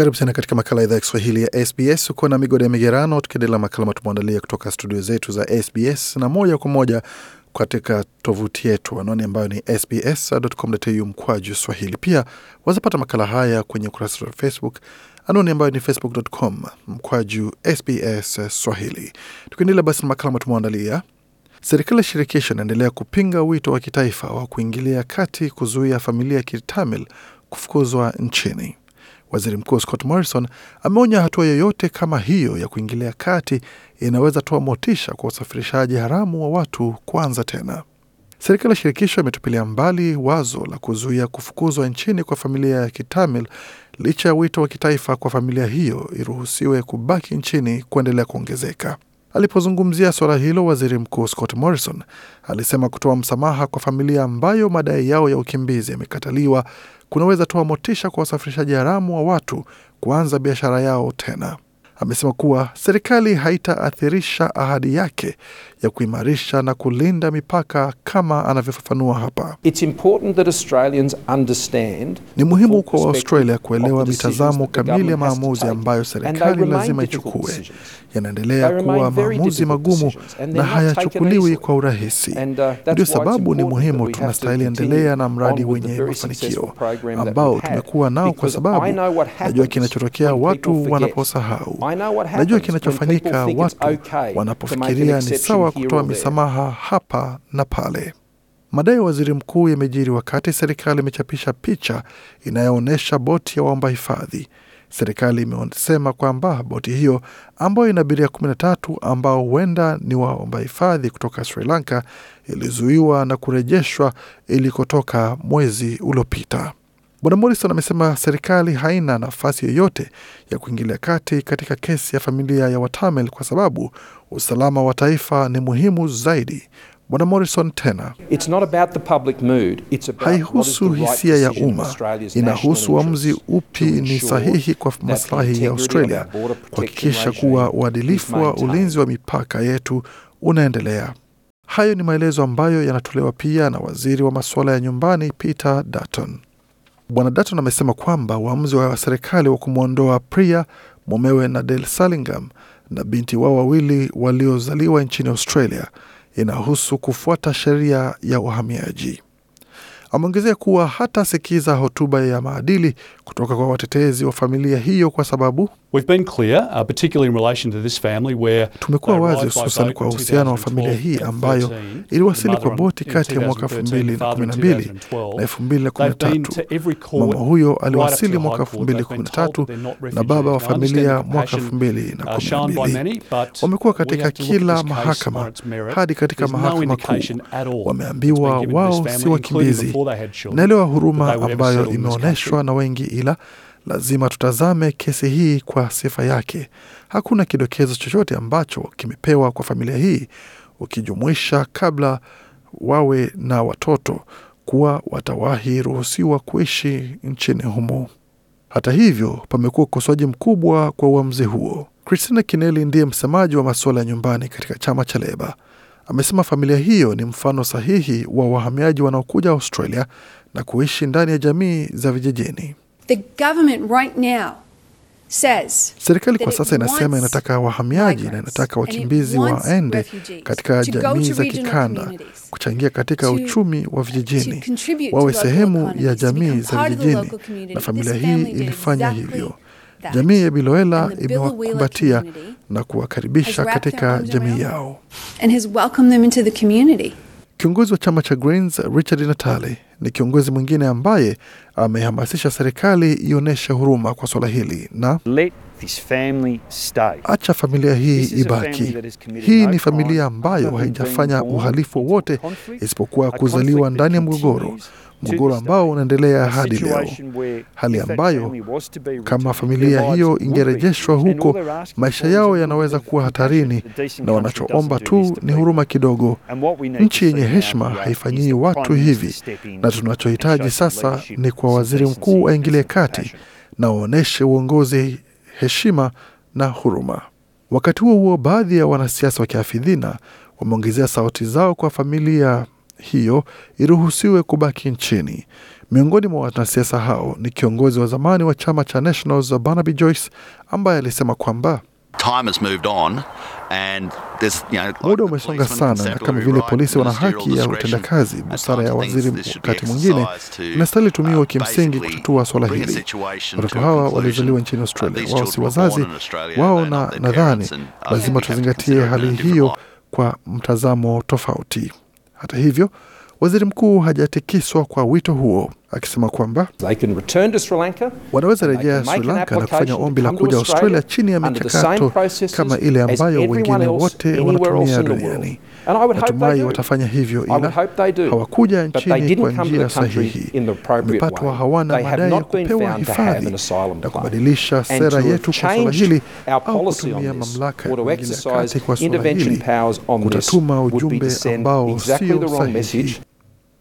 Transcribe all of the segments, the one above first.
Karibu sana katika makala idhaa ya Kiswahili ya SBS. Uko na migode ya migerano, tukiendelea makala matumeandalia kutoka studio zetu za SBS na moja kwa moja katika tovuti yetu, anwani ambayo ni sbs.com.au mkwaju swahili. Pia wazapata makala haya kwenye ukurasa wa Facebook, anwani ambayo ni facebook.com mkwaju sbs swahili. Tukiendelea basi na makala matumeandalia Serikali ya shirikisho inaendelea kupinga wito wa kitaifa wa kuingilia kati kuzuia familia ya Kitamil kufukuzwa nchini. Waziri Mkuu Scott Morrison ameonya hatua yoyote kama hiyo ya kuingilia kati inaweza toa motisha kwa usafirishaji haramu wa watu kuanza tena. Serikali ya shirikisho imetupilia mbali wazo la kuzuia kufukuzwa nchini kwa familia ya Kitamil licha ya wito wa kitaifa kwa familia hiyo iruhusiwe kubaki nchini kuendelea kuongezeka. Alipozungumzia suala hilo, waziri mkuu Scott Morrison alisema kutoa msamaha kwa familia ambayo madai yao ya ukimbizi yamekataliwa kunaweza toa motisha kwa wasafirishaji haramu wa watu kuanza biashara yao tena. Amesema kuwa serikali haitaathirisha ahadi yake ya kuimarisha na kulinda mipaka kama anavyofafanua hapa. It's important that Australians understand, ni muhimu kwa waustralia kuelewa mitazamo kamili ya maamuzi ambayo serikali lazima ichukue. Yanaendelea kuwa maamuzi magumu na hayachukuliwi kwa urahisi. Uh, ndio sababu ni muhimu tunastahili endelea na mradi wenye mafanikio ambao tumekuwa nao, kwa sababu najua kinachotokea watu wanaposahau, najua kinachofanyika watu wanapofikiria ni sawa wa kutoa misamaha hapa na pale. Madai ya waziri mkuu yamejiri wakati serikali imechapisha picha inayoonyesha boti ya waomba hifadhi. Serikali imesema kwamba boti hiyo ambayo ina abiria 13 ambao huenda ni waomba hifadhi kutoka Sri Lanka ilizuiwa na kurejeshwa ilikotoka mwezi uliopita. Bwana Morrison amesema serikali haina nafasi yoyote ya kuingilia kati katika kesi ya familia ya Watamil kwa sababu usalama wa taifa ni muhimu zaidi. Bwana Morrison tena, haihusu hisia ya umma, inahusu uamuzi upi ni sahihi kwa maslahi ya Australia, kuhakikisha kuwa uadilifu wa ulinzi wa mipaka yetu unaendelea. Hayo ni maelezo ambayo yanatolewa pia na waziri wa masuala ya nyumbani Peter Dutton. Bwana Dutton amesema kwamba uamuzi wa serikali wa kumwondoa Priya mumewe del Salingam na binti wao wawili waliozaliwa nchini Australia inahusu kufuata sheria ya uhamiaji. Ameongezea kuwa hatasikiza hotuba ya maadili kutoka kwa watetezi wa familia hiyo kwa sababu Uh, Tumekuwa wazi hususan kwa uhusiano wa familia hii ambayo iliwasili kwa boti kati ya mwaka 2012 na 2013. Mama huyo aliwasili mwaka 2013 na baba wa familia mwaka 2012. Uh, Wamekuwa katika kila mahakama hadi katika mahakama kuu. Wameambiwa wao si wakimbizi. Naelewa huruma ambayo imeonyeshwa na wengi, ila Lazima tutazame kesi hii kwa sifa yake. Hakuna kidokezo chochote ambacho kimepewa kwa familia hii, ukijumuisha kabla wawe na watoto, kuwa watawahi ruhusiwa kuishi nchini humo. Hata hivyo, pamekuwa ukosoaji mkubwa kwa uamuzi huo. Christina Kineli ndiye msemaji wa masuala ya nyumbani katika chama cha Leba. Amesema familia hiyo ni mfano sahihi wa wahamiaji wanaokuja Australia na kuishi ndani ya jamii za vijijini. Serikali kwa sasa inasema inataka wahamiaji na inataka wakimbizi waende katika jamii za kikanda, kuchangia katika uchumi wa vijijini, wawe sehemu ya jamii za vijijini, na familia hii ilifanya hivyo. Jamii ya Biloela imewakumbatia na kuwakaribisha katika jamii yao. Kiongozi wa chama cha Greens Richard Natale ni kiongozi mwingine ambaye amehamasisha serikali ionyeshe huruma kwa swala hili na acha familia hii ibaki. Hii ni familia ambayo haijafanya uhalifu wowote isipokuwa kuzaliwa ndani ya mgogoro mgogoro ambao unaendelea hadi leo, hali ambayo kama familia hiyo ingerejeshwa huko, maisha yao yanaweza kuwa hatarini, na wanachoomba tu ni huruma kidogo. Nchi yenye heshima haifanyii watu hivi, na tunachohitaji sasa ni kwa waziri mkuu aingilie kati na waonyeshe uongozi heshima na huruma. Wakati huo huo, baadhi ya wanasiasa wa kiafidhina wameongezea sauti zao kwa familia hiyo iruhusiwe kubaki nchini. Miongoni mwa wanasiasa hao ni kiongozi wa zamani wa chama cha Nationals Barnaby Joyce ambaye alisema kwamba muda umesonga sana na kama vile polisi wana haki ya utendakazi busara ya waziri wakati mwingine inastahili tumiwa uh, kimsingi kutatua swala hili. Watoto hawa waliozaliwa nchini uh, Australia, wao si wazazi wao, na nadhani lazima tuzingatie hali hiyo kwa mtazamo tofauti. Hata hivyo, waziri mkuu hajatikiswa kwa wito huo, akisema kwamba wanaweza rejea Sri Lanka na kufanya ombi la kuja Australia chini ya michakato kama ile ambayo wengine wote wanatumia duniani. Natumai watafanya hivyo, ila hawakuja nchini kwa njia sahihi. Wamepatwa hawana madai ya kupewa hifadhi na kubadilisha sera yetu kwa suala hili au kutumia mamlaka ya kati kwa suala hili kutatuma ujumbe ambao sio sahihi.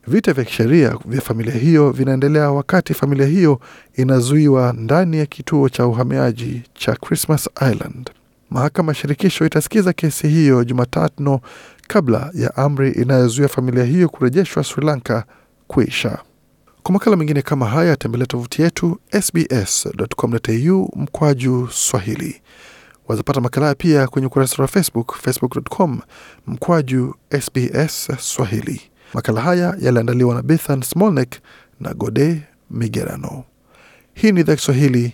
Vita vya kisheria vya familia hiyo vinaendelea wakati familia hiyo inazuiwa ndani ya kituo cha uhamiaji cha Christmas Island. Mahakama ya shirikisho itasikiza kesi hiyo Jumatano kabla ya amri inayozuia familia hiyo kurejeshwa Sri Lanka kuisha. Kwa makala mengine kama haya, tembelea tovuti yetu sbs.com.au mkwaju Swahili. Wazapata makala pia kwenye ukurasa wa Facebook, facebook.com mkwaju SBS Swahili. Makala haya yaliandaliwa na Bethan Smolnek na Gode Migerano. Hii ni idhaa Kiswahili